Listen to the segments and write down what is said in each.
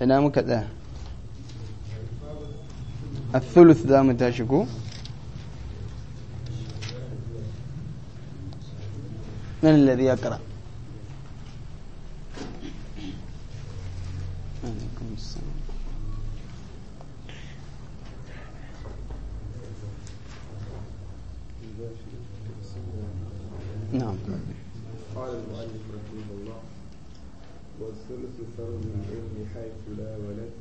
هنا مو كذا الثلث ذا متاشكو من الذي يقرا نعم والثلث فرض العلم حيث لا ولد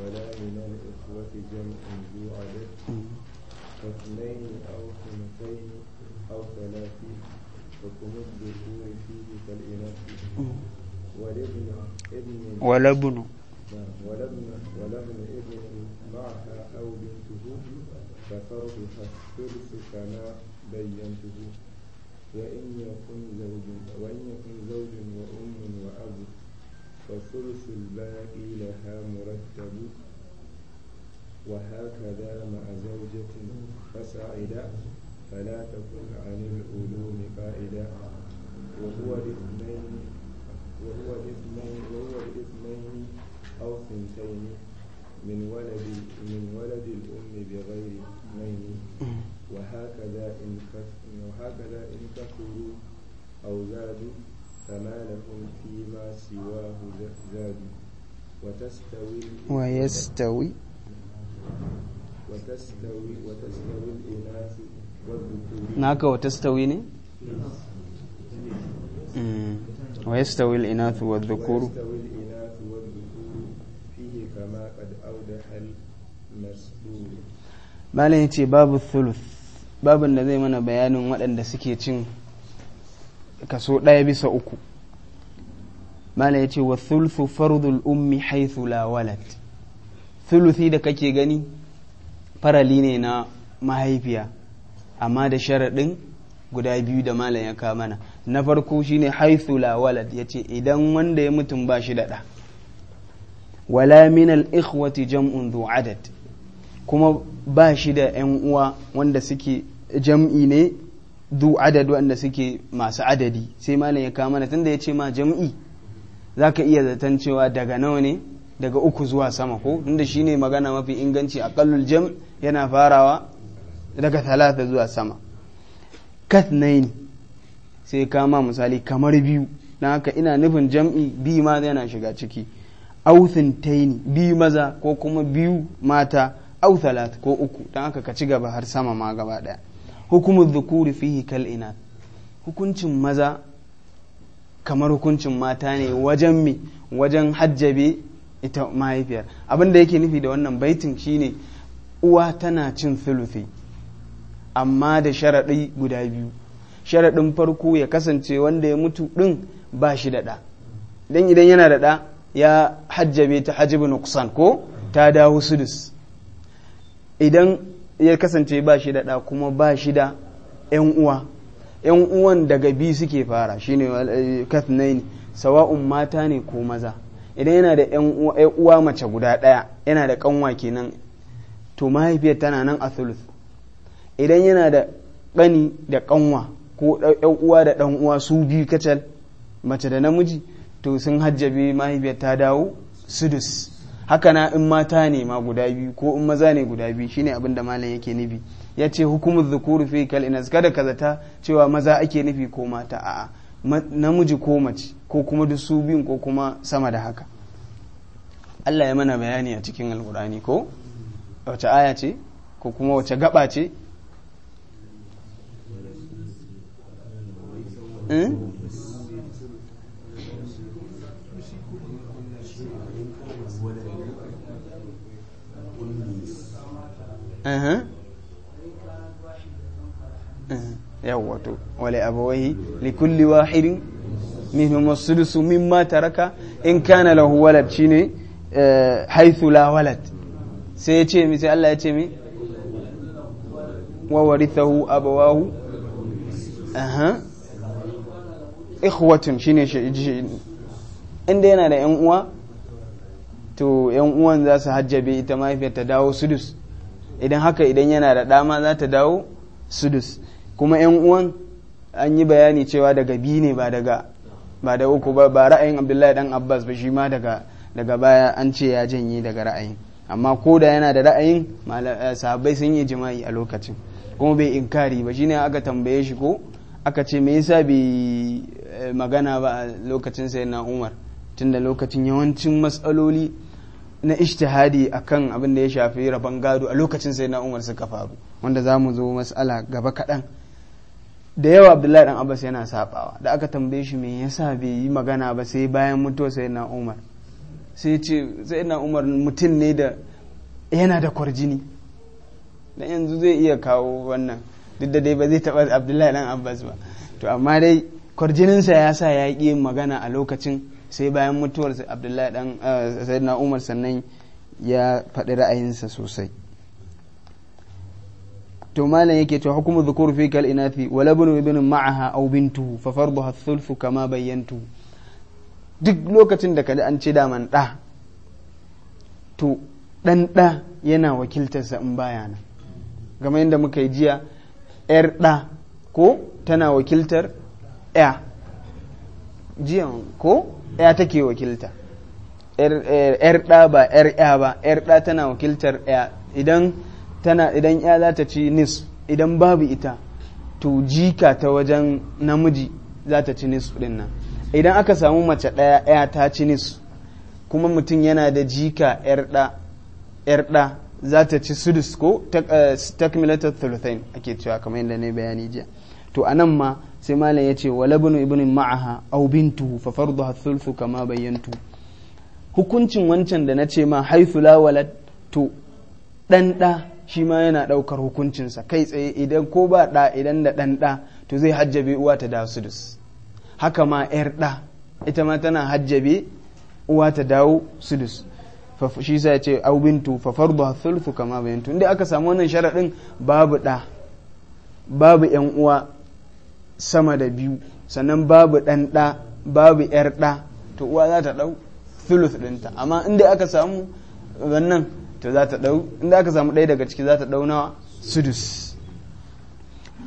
ولا من الإخوة جمع ذو عدد فاثنين أو ثنتين أو ثلاث حكم الذكور فيه كالإناث ولابن ابن ولبن نعم، ولبن ولبن ابن معها أو بنته ففرضها الثلث كما بينته وإن يكن زوج وإن يكن زوج وأم وأب وثلث الباقي لها مرتب وهكذا مع زوجة فسعد فلا تكن عن العلوم فائدة وهو الاثنين وهو الاثنين وهو الاثنين أو ثنتين من ولد من ولد الأم بغير اثنين وهكذا إن وهكذا إن كثروا أو زادوا فما فيما سواه زاد وتستوي ويستوي وتستوي وتستوي الإناث والذكور ناك وتستوي ني ويستوي الإناث والذكور ويستوي الإناث والذكور فيه كما قد أوضح المسؤول ما لين باب الثلث babin da zai mana bayanin waɗanda suke cin kaso ɗaya bisa uku mana ya ce wa thulthu fardul ummi haithu la walad thuluthi da kake gani farali ne na mahaifiya amma da sharaɗin guda biyu da malam ya kama mana na farko shine haithu la walad yace idan wanda ya mutum ba shi da wala min al ikhwati jam'un dhu adad kuma ba shi da yan uwa wanda suke jam'i ne du adad wanda suke masu adadi sai malam ya kama tunda ya ce ma jam'i za ka iya zaton cewa daga nawa ne daga uku zuwa sama ko tunda shi ne magana mafi inganci a aƙallul jam yana farawa daga talata zuwa sama kathnain sai kama misali kamar biyu na haka ina nufin jam'i biyu ma yana shiga ciki taini bi maza ko kuma biyu mata au ko uku don haka ka ci gaba har sama ma gaba daya. hukumin zukuri fihi kal ina hukuncin maza kamar hukuncin mata ne wajen mi wajen hajjabe ita mahaifiyar abin yake nufi da wannan baitin shine uwa tana cin thuluthi amma da sharaɗi guda biyu sharaɗin farko ya kasance wanda ya mutu ɗin ba shi da ɗa don idan yana daɗa ya hajjabe ta hajjibi nuksan ko ta dawo sudus idan ya kasance ba shi da ɗa kuma ba shi da ‘yan uwa ‘yan uwan daga bi suke fara shine eh, kathnaini sawa'un mata ne ko maza idan yana da ‘yan uwa mace guda ɗaya yana da ƙanwa kenan to mahaifiyar tana nan a thuluth idan yana da ɗani da ƙanwa ko ‘yan uwa da ɗan uwa su biyu kacal mace da namiji to sun hajjabe mahaifiyar ta dawo sudus haka na in mata ne ma guda biyu ko in maza ne guda biyu shine abin da malam yake nufi ya ce hukumar zukuru fi kal inas kada ka zata cewa maza ake nufi ko mata a'a namiji ko mace ko kuma duk su biyun ko kuma sama da haka Allah ya mana bayani a cikin alkur'ani ko wace aya ce ko kuma wace gaba ce eh? ya huwato wale su likulli wa min ma raka in kana lahu walat shine eh, haisu la walat sai ya ce min sai Allah ya ce me yana wari ta hu abawahu ya huwata shine. inda yana da yan uwa to yan uwan za su hajjabe ita mahaifiyar ta dawo sudus idan haka idan yana da dama za ta dawo sudus kuma yan uwan an yi bayani cewa daga bi ne ba daga ba da uku ba ba ra'ayin abdullahi dan abbas ba shi ma daga baya an ce ya janye daga ra'ayin amma ko da yana da ra'ayin eh, sahabbai sun yi jima'i a lokacin kuma bai inkari ba shine aka tambaye shi ko aka ce me yasa bai eh, magana ba a lokacin sayyidina umar tunda lokacin yawancin matsaloli na ishtihadi akan abin da ya shafi rabon gado a lokacin sai na umar suka faru wanda za mu zo matsala gaba kaɗan da yawa abdullahi dan abbas yana sabawa da aka tambaye shi me yasa bai yi magana ba sai bayan mutuwa sai na umar sai ce sai na umar mutum ne da yana da kwarjini na yanzu zai iya kawo wannan duk da dai ba zai taba abdullahi dan abbas ba to amma dai kwarjininsa ya sa ya yi magana a lokacin sai bayan mutuwar abdullahi dan eh, sayyidina umar sannan ya faɗi ra'ayinsa sosai to malam yake cewa hukumu dhukur fi kal inathi wa labnu ibn ma'aha aw bintuhu fa farduha thulthu kama bayyantu duk lokacin da kaji an ci daman da to dan da yana wakiltarsa in bayana game yadda muka yi jiya yar da ko tana wakiltar ya jiya ko ya take wakilta ‘yar ɗa ba ‘yar ‘ya ba ‘yar ɗa tana wakiltar ‘ya idan tana idan ‘ya za ta ci nis idan babu ita to jika ta wajen namiji za ta ci nis ɗin nan idan aka samu mace ɗaya ‘ya ta ci nis kuma mutum yana da jika ‘yar ɗa za ta ci sudus ko takmilatar eh, thuluthain ake cewa kamar yadda ne bayani jiya to a nan ma sai malam ya ce walabinu ibn ma'aha au bintu fa farduha thulthu kama bayyantu hukuncin wancan da na ce ma haifu lawala to ɗanɗa shi ma yana ɗaukar hukuncinsa kai tsaye idan ko ba ɗa idan da ɗanɗa to zai hajjabe uwa ta dawo sudus haka ma yar ɗa ita ma tana hajjabe uwa ta dawo sudus shi sa ce au bintu fa farduha thulthu kama bayyantu inda aka samu wannan sharaɗin babu ɗa babu yan uwa sama da biyu sannan babu ɗan ɗa babu ‘yar ɗa to uwa za ta ɗau filus ɗinta amma inda aka samu wannan to za ta ɗau inda aka samu ɗaya daga ciki za ta ɗau nawa sudus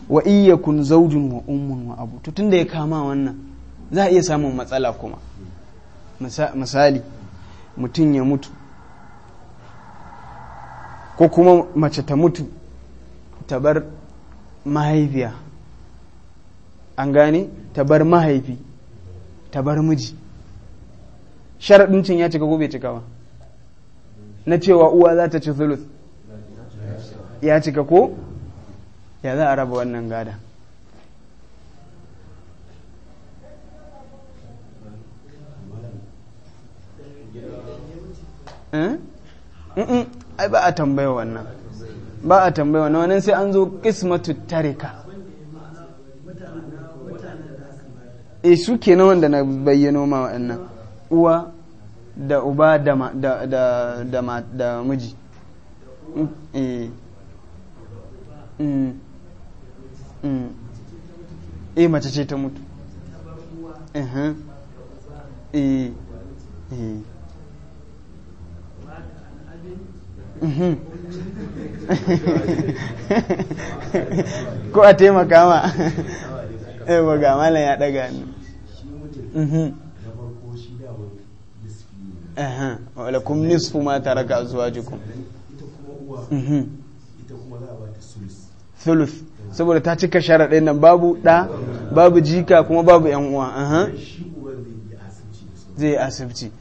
wa iya kun zaujin wa umun wa abu to tunda ya kama wannan za a iya samun matsala kuma misali mutum ya mutu ko kuma mace ta mutu ta bar mahaifiya an gane ta bar mahaifi ta bar miji sharaɗin cin ya cika ko bai cika ba na cewa uwa za ta ci zulus ya cika ko ya za a raba wannan gada eh? ai ba a tambaya wannan ba a tambaya wannan sai an zo kismatu tarika e su kenan wanda na bayyano ma waɗannan uwa da uba da miji e mace ce ta mutu eh, eh. ko a taimaka ma yawa ga malam ya daga ni mhm. walakum nisfu ma taraka azwajukum mhm. thuluth saboda ta cika sharaɗin nan babu ɗa babu jika kuma babu yan uwa zai asibci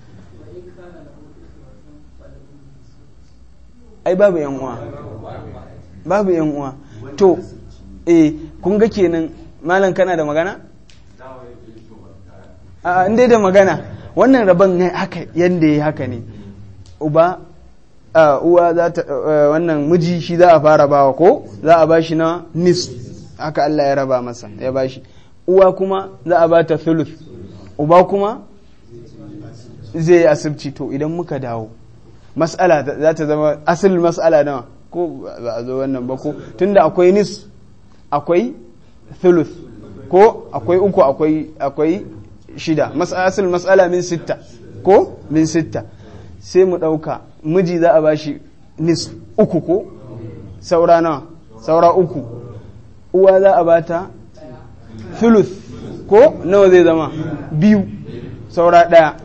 ai babu yan uwa babu yan uwa to eh kun ga kenan malam kana da magana a dai da magana wannan rabon haka yadda ya haka ne uba uwa za ta wannan miji shi za a fara bawa ko za a ba shi na nis haka Allah ya raba masa ya bashi uwa kuma za a ba ta filif, uba kuma zai yi asibci to idan muka dawo mas'ala za ta zama asalin mas'ala nawa ko ba a zo wannan ba ko tunda akwai nis akwai thuluth ko akwai uku akwai akwai shida mas'asul mas'ala min sita ko min sita sai mu ɗauka miji za a bashi nis uku ko saura nawa saura uku uwa za a bata thuluth ko nawa zai zama biyu saura ɗaya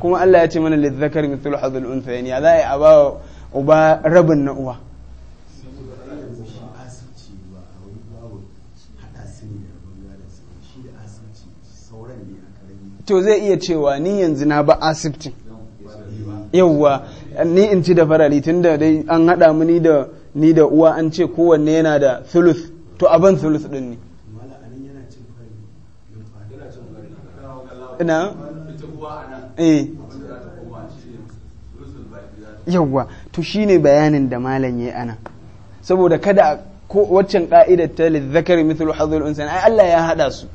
kuma Allah ya ce mana lizzakar mithlu hadhul unthayni ya za a bawa uba rabin na uwa to zai iya cewa ni yanzu na ba asibiti yauwa ni in ci da farali tun da dai an haɗa mu ni da ni da uwa an ce kowanne yana da thuluth to abin thuluth din ne ina eh. yauwa to shine bayanin da malam yayi ana saboda kada waccan ka'idar ta lizzakari mithlu hadhul unsan ai Allah ya hada su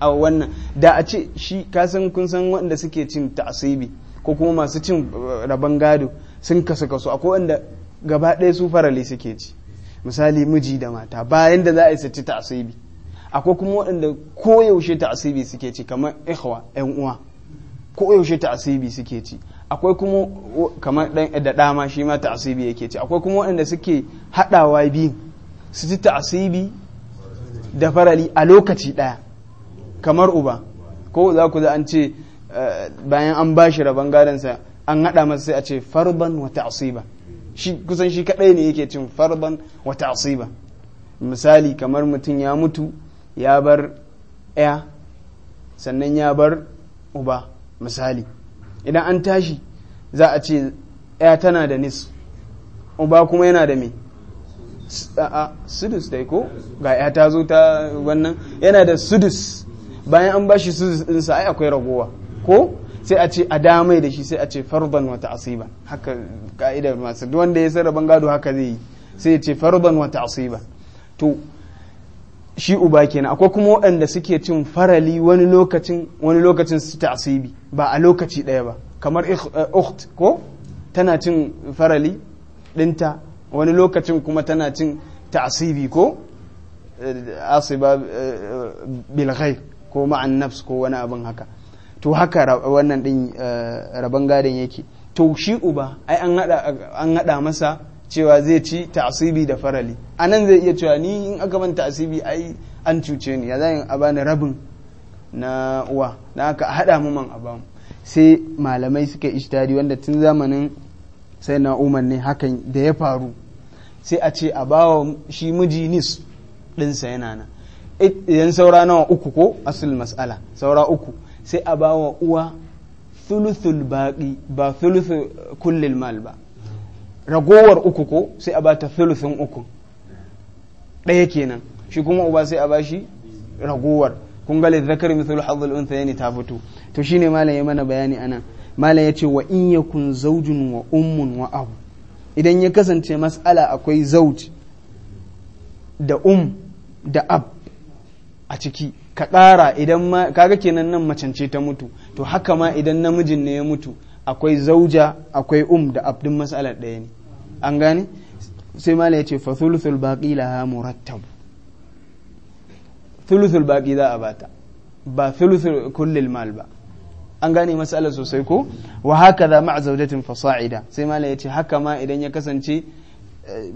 a wannan da a ce shi kasan kun san wanda suke cin ta'asibi ko kuma masu cin eh, rabon gado sun kasu kasu akwai wanda gaba ɗaya su farale suke ci misali miji da mata bayan da za a yi su ci ta'asibi akwai kuma waɗanda koyaushe ta'asibi suke ci kamar ikhwa yan uwa koyaushe ta'asibi suke ci akwai kuma kamar ɗan eh, da dama shi ma ta'asibi yake ci akwai kuma wanda suke haɗawa biyu su ci ta'asibi da farali a lokaci ɗaya kamar uba ko za ku za an ce eh, bayan an ba shi rabon gadansa an haɗa masa sai a ce farban wata asiba shi kusan shi kaɗai ne yake cin farban wata asiba misali kamar mutum ya mutu ya bar ya sannan ya bar uba misali idan an tashi za a ce ya tana da nis uba kuma yana da me sudus dai ko ga ya ta zo ta wannan yana da sudus bayan an bashi su zinsa ai akwai ragowa ko sai a ce a damai da shi sai a ce farban wata asiba haka ka'idar masu duk wanda ya sarrafa gado haka zai yi sai ya ce farban wata asiba to shi uba kenan akwai kuma waɗanda suke cin farali wani lokacin wani lokacin su ta asibi ba a lokaci ɗaya ba kamar eh, ukht ko tana cin farali ɗinta wani lokacin kuma tana cin ta asibi ko eh, asiba eh, bilghai ko ma'an nafs ko wani abin haka to haka wannan din eh, rabon gadon yake to shi uba ai an haɗa masa cewa zai ci ta'asibi da farali anan zai iya cewa ni in aka ban ta'asibi ai an cuce ni ya za a bani rabin na uwa na aka haɗa mu man a sai malamai suka ishtari wanda tun zamanin sai na umar ne hakan da ya faru sai a ce a bawa shi miji nis ɗinsa yana nan idan saura nawa uku ko asul mas'ala saura uku sai a ba wa uwa thuluthul baƙi ba thuluth kullil mal ba ragowar uku ko sai a ba thuluthun uku ɗaya kenan shi kuma uba sai a bashi ragowar kun ga zakar mithlu hadhul unthayni ta fito to shine malam ya mana bayani anan malam ya ce wa in yakun zawjun wa ummun wa abu idan ya kasance mas'ala akwai zauj da um da ab a ciki ka ɗara idan ma kaga kenan nan macance ta mutu to haka ma idan namijin ne ya mutu akwai zauja akwai um da abdin matsalar ɗaya ne an gane sai ma ya ce fa thuluthul baqi laha murattab thuluthul baqi za a bata ba thuluthul kullil mal ba an gane matsalar sosai ko wa haka za ma'a zaujatin fasa'ida sai ma ya ce haka ma idan ya kasance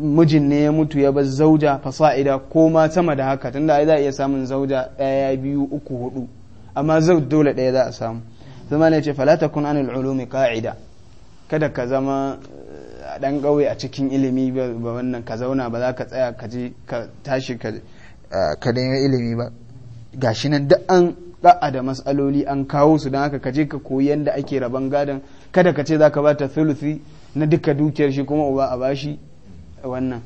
mijin ne ya mutu ya bar zauja fasa'ida ko ma sama da haka tunda ai za a iya samun zauja ɗaya biyu uku hudu amma zau dole daya za a samu zama ne ce falata kun anil ulumi ka'ida kada ka zama a eh, ɗan ƙauye a cikin ilimi ba wannan ka zauna ba za ka tsaya ka je ka tashi ka daina eh, ilimi ba gashi nan duk an da'a da masaloli an kawo su dan haka ka je ka koyi yadda ake rabon gadon kada ka ce za ka ba ta thuluthi na duka dukiyar shi kuma uba a bashi wannan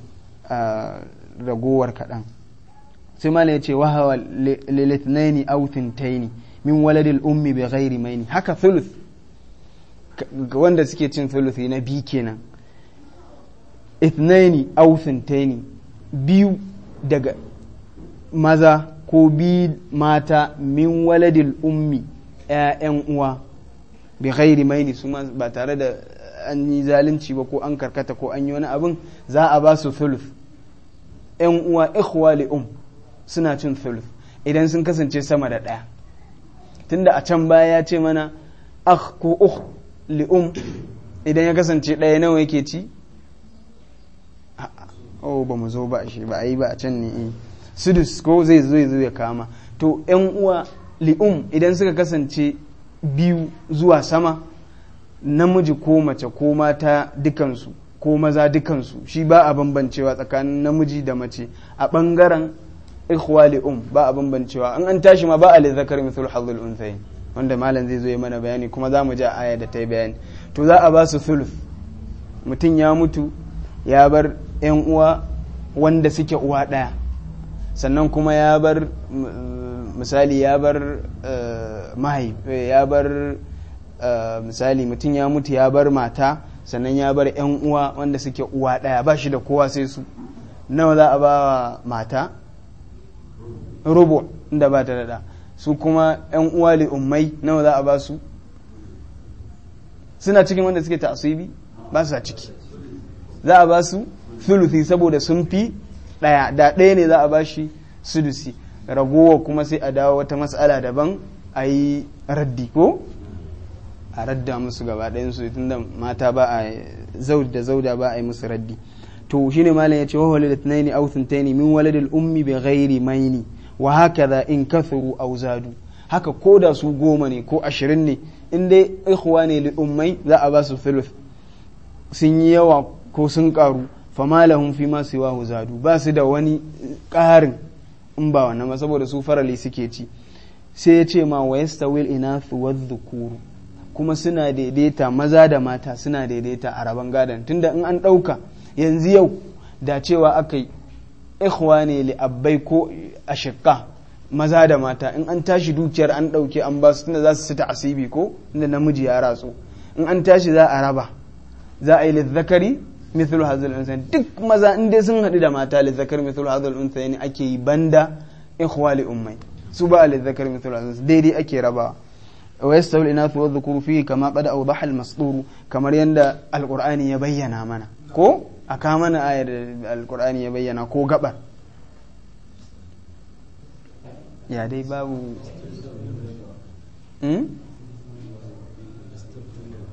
ragowar kaɗan sai mala ya ce wahawa lilitnaini taini min waladil ummi bi ghairi maini haka thuluth wanda suke cin thuluth na bi kenan ithnaini taini biyu daga maza ko bi mata min waladil ummi ‘ya'yan uwa bi ghairi maini su ba tare da an yi zalunci ba ko an karkata ko an yi wani abin za a ba su thuluf yan uwa ikhwa li um suna cin thuluf idan sun kasance sama da ɗaya tunda a can baya ya ce mana akh ko ukh li’um idan ya kasance ɗaya nawa yake ci oh ba mu zo ba shi ba a yi ba a can ne eh. sudus ko zai zo zo ya kama to yan uwa li'um idan suka kasance biyu zuwa sama namiji ko mace ko mata dukansu ko maza dukansu shi ba a bambancewa tsakanin namiji da mace a ɓangaren ikhwali um ba a bambancewa an an tashi ma ba a lizakar misul hazul unthayin wanda malam zai zo ya mana bayani kuma za mu ji aya da ta yi bayani to za a ba su sulf mutum ya mutu ya bar yan uwa wanda suke uwa ɗaya sannan kuma ya bar misali ya bar eh, ya bar Eh, misali mutum ya mutu ya bar mata sannan ya bar 'yan uwa wanda suke uwa ɗaya ba shi da kowa sai su nawa za a ba wa mata rubu inda ba ta daɗa su kuma 'yan uwa li'ummai nawa za a ba su suna cikin wanda suke ta'asubi ba su ciki za a ba su thuluthi saboda sun fi ɗaya da ɗaya ne za a ba shi sudusi ragowa kuma sai a dawo wata matsala daban a yi raddi ko a radda musu gaba ɗayan su tunda mata ba a zaud da zauda ba a yi musu raddi to shine malam yace wa walidat naini aw thuntaini min waladil ummi bi ghairi maini wa hakaza in kathuru aw zadu haka ko da su goma ne ko ashirin ne in dai ikhwa ne li ummai za a ba su thuluth sun yi yawa ko sun karu fama lahum fi ma siwahu zadu ba su da wani ƙarin in ba wannan saboda su farali suke ci sai ya ce ma wa yastawil inathu wadh dhukuru kuma suna daidaita maza da mata suna daidaita a rabon gadon tunda in an ɗauka yanzu yau da cewa aka yi ikhwa ne li'abbai ko ashikka maza da mata in an tashi dukiyar an ɗauke an ba su tunda za su sita asibi ko inda namiji ya ratsu in an tashi za a raba za a yi lizzakari mithlu hazul unsa duk maza in dai sun haɗu da mata lizzakari mithlu hazul unsa ne ake yi banda ikhwa li ummai su ba a lizzakari mithlu hazal daidai ake rabawa wa ina inathu wa dhukuru fihi kama qad awdaha al-masdur kamar yanda alqur'ani ya bayyana mana ko aka mana ayar alqur'ani ya bayyana ko gaba hmm?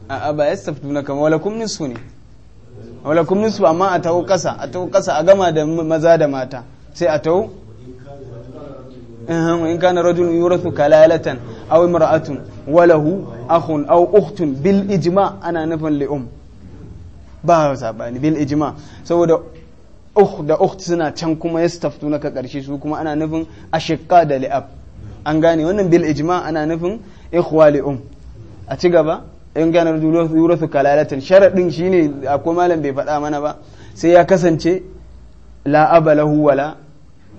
a ba yastaftuna kama walakum nisu ne walakum nisu amma a tawo kasa a tawo kasa a gama da maza da mata sai a ta'u. وإن كان رجل يورث كلالة أو امرأة وله أخ أو أخت بالإجماع أنا نفن لأم ba sabani bil ijma saboda uh da ukht suna can kuma yastaftuna ka karshe su kuma ana nufin ashiqqa da li'ab an gane wannan bil ana nufin ikhwa li um a ci gaba in gane yurathu kalalatan sharadin shine akwai malam bai faɗa mana ba sai ya kasance la aba wala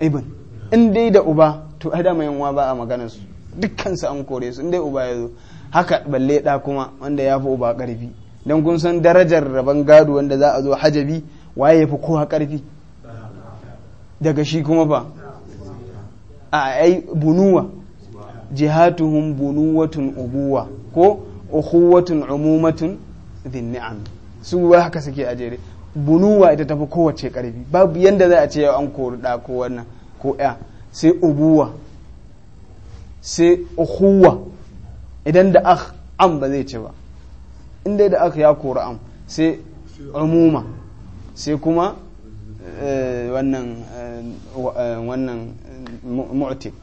ibn in dai da uba to ai dama yanwa ba a maganar su dukkan su an kore su dai uba ya zo haka balle da kuma wanda ya fi uba karfi dan kun san darajar raban gado wanda za a zo hajabi waye ya fi kowa karfi daga shi kuma ba a ai bunuwa jihatuhum bunuwatun ubuwa ko ukhuwatun umumatun dhin ni'am su ba haka suke a jere bunuwa ita tafi kowace karfi babu yanda za a ce an kore da ko wannan ko ya sai ubuwa sai ukuwa idan da ak am ba zai ce ba inda da ak ya kori am sai umuma sai kuma eh, wannan eh, eh,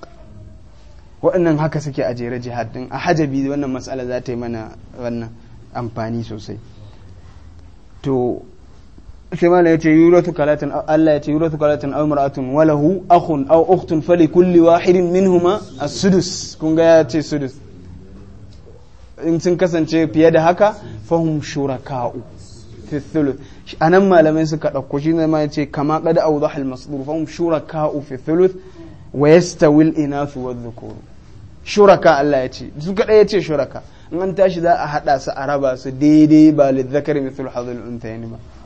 waɗannan haka suke a jere jihadin din a hajjabi wannan matsala za ta yi mana wannan amfani sosai to sai ma ya ce yuratu kalatin Allah ya ce yuratu kalatin aw mar'atun wa fali kulli wahidin minhuma as-sudus kun ga ya kasance fiye da haka fahum shuraka'u fi thuluth anan malamai suka dauko shi ne ma ya ce kama qad awdaha al-masdur fahum shuraka'u fi thuluth wa yastawi al-inathu wadh shuraka Allah shuraka in an tashi za a hada su a raba su daidai ba lidh-dhakari mithlu hadhil ba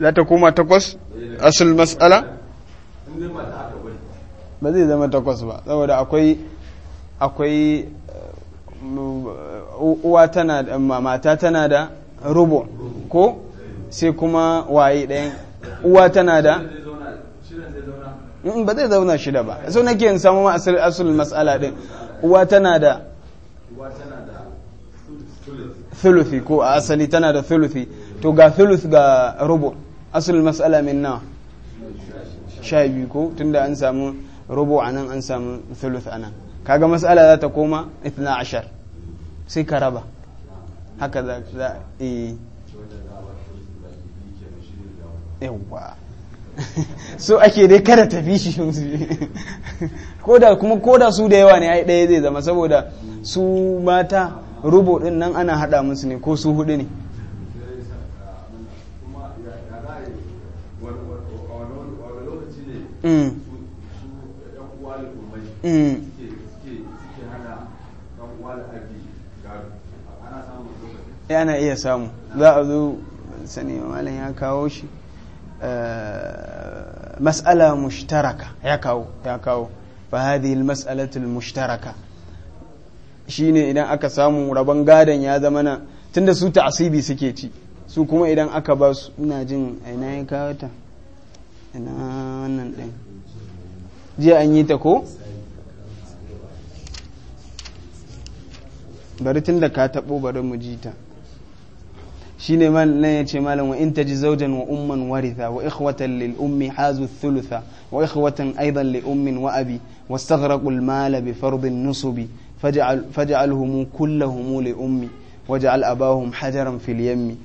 za ta koma takwas asul mas'ala ba zai zama takwas ba saboda akwai akwai eh, uwa tana da mata tana da rubo ko sai kuma waye ɗaya uwa tana da mm, ba zai zauna shida ba sau nake ke samu ma asul mas'ala din uwa tana da thuluthi ko a asali tana da thuluthi to ga thuluth ga rubo asul matsala min nawa sha biyu ko tunda an samu rubu a nan an samu thuluth a nan kaga matsala za ta koma itna ashar sai ka raba haka za a yi eh. yawwa so ake dai kada tafi shi koda kuma koda su da yawa ne ai ɗaya zai zama saboda su mata rubu din nan ana hada musu ne ko su hudu ne yana eh, iya samu za a zo sani malam ya kawo shi eh, mas'ala mushtaraka ya kawo ya kawo fa hadhihi al-mas'alatu shi ne shine idan aka samu rabon gadon ya zama na tunda su ta asibi suke ci su kuma idan aka ba su ina jin aina ya kawo ta ina wannan ɗin jiya an yi ta ko bari tun da ka taɓo bari mu ji ta shi ne nan ya ce malam wa in ta ji zaujan wa umman waritha wa ikhwatan lil ummi hazu thulutha wa ikhwatan aidan li ummin wa abi wastaghraqu al mala bi fardin nusubi faj'alhum kullahum li ummi waj'al abahum hajaran fil yammi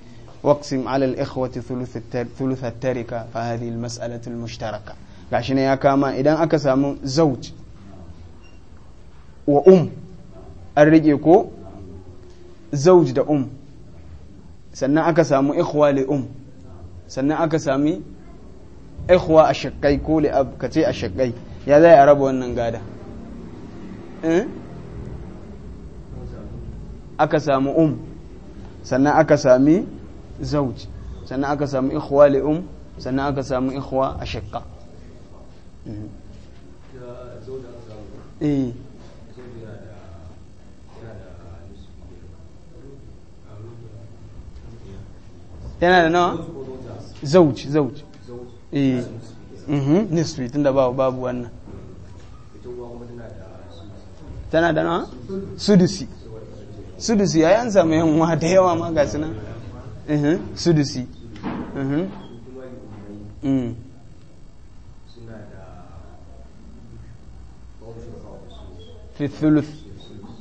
واقسم على الإخوة ثلث ثلث التركة فهذه المسألة المشتركة gashi ne ya kama idan aka samu zauj wa um an rike ko zauj da um sannan aka samu ikhwa li um sannan aka sami ikhwa a shakkai ko li ab kace a shakkai ya zai a raba wannan gada aka samu um sannan aka sami zauj sannan aka samu ikhwa li'um sannan aka samu ikhwa a shakka yana da nawa zauj zauj nisfi tunda babu babu wannan tana da nawa sudusi sudusi yayin samu yan da yawa ma ga sunan sudusi mm.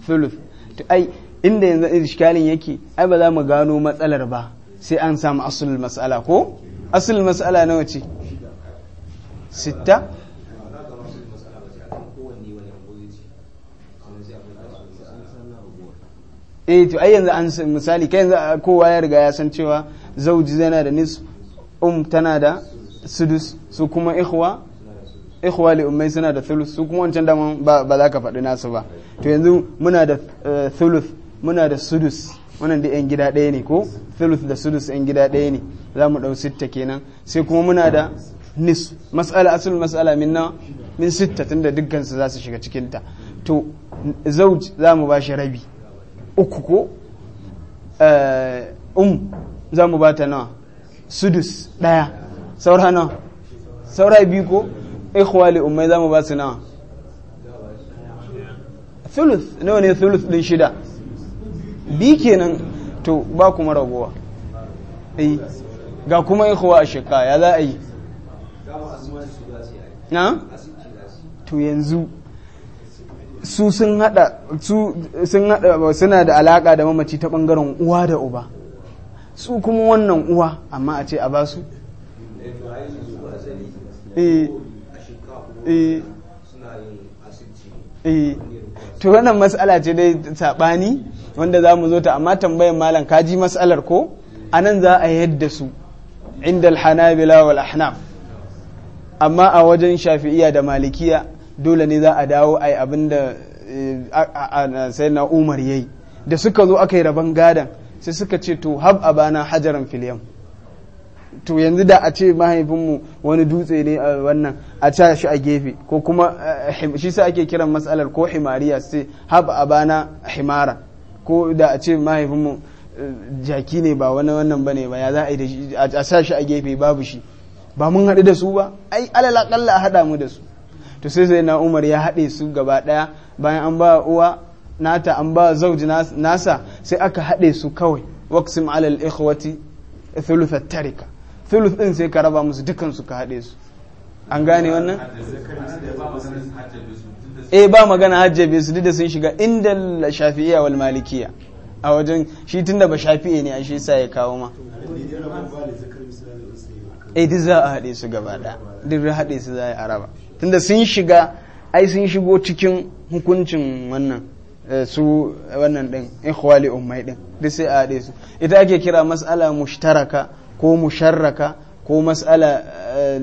thuluth to ai inda yanzu iskalin yake ai ba za mu gano matsalar ba sai an samu asul mas'ala ko asul mas'ala nawa ce sitta eh to ai yanzu an misali kai yanzu kowa ya riga ya san cewa zauji zana da nis um tana da sudus su kuma ikhwa ikhwa li ummai suna da thuluth su kuma wancan daman ba za ka faɗi nasu ba to yanzu muna da eh, thuluth muna da sudus wannan da yan gida ɗaya ne ko thuluth da sudus yan gida ɗaya ne za mu ɗau sitta kenan sai kuma muna da nis mas'ala asul mas'ala min na min sitta tunda dukkan su za su shiga cikinta to zauj za mu ba shi rabi uku ko eh, um za mu bata nawa sudus daya saura nawa saura biyu ko ikhwali umai za mu ba su nawa thuluth nawa ne thuluth din shida bi kenan to ba kuma ragowa eh ga kuma ikhwa a shekara ya za a yi na to yanzu su sun hada su suna da alaka da mamaci ta bangaren uwa da uba su kuma wannan uwa amma a ce a basu eh, eh, eh. wannan matsala ce dai sabani wanda za mu zo ta amma tambayan malam kaji matsalar ko anan za a yadda su inda alhanabila wal ahnaf amma a wajen shafi'iya da malikiya dole ne za a dawo a yi abin da eh, sai na umar ya yi da suka zo aka yi rabon gadon sai suka ce to hab a bana hajaran filiyan to yanzu da a ce mahaifinmu wani dutse ne a wannan a ca shi a gefe ko kuma eh, shi sa ake kiran matsalar ko himariya sai hab a bana himara ko da a ce mahaifinmu eh, jaki ne ba wani wannan ba ne ba ya za a yi da shi a sa a gefe babu shi ba mun haɗu da su ba ai alalakalla a haɗa mu da su to sai sai na umar ya haɗe su gaba ɗaya bayan an ba uwa nata an ba zauji nasa sai aka haɗe su kawai waksim alal ikhwati thuluth tarika thuluth din sai ka raba musu dukan su ka haɗe su an gane wannan eh ba magana bai su duk da sun shiga inda shafi'iyya wal malikiyya a wajen shi tunda ba shafi'i ne a shi sa ya kawo ma eh duk za a haɗe su gaba ɗaya duk haɗe su za a raba tunda sun shiga ai sun shigo cikin hukuncin wannan eh, su wannan din ikhwali ummai din duk sai a haɗe su ita ake kira mas'ala mushtaraka ko musharraka ko mas'ala eh,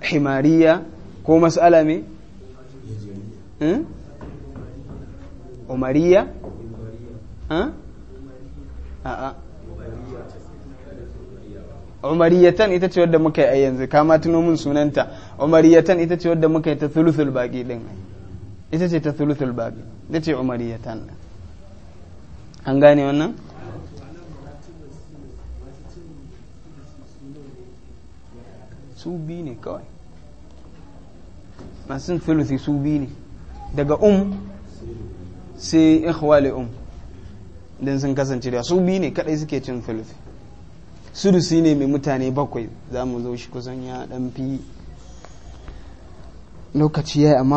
himariya ko mas'ala me hmm? umariya a umariyatan ita ce wadda muka yi a yanzu kama tuno mun sunanta umariyatan ita ce wadda muka yi ta thuluthul baki din ita ce ta thuluthul baki ita ce umariyatan an gane wannan su biyu ne kawai masu thuluthi su biyu ne daga um sai ikhwali um don sun kasance da su biyu ne kadai suke cin thuluthi sudusi ne mai mutane bakwai za mu zo shi kusan ya dan fi lokaci ya yi amma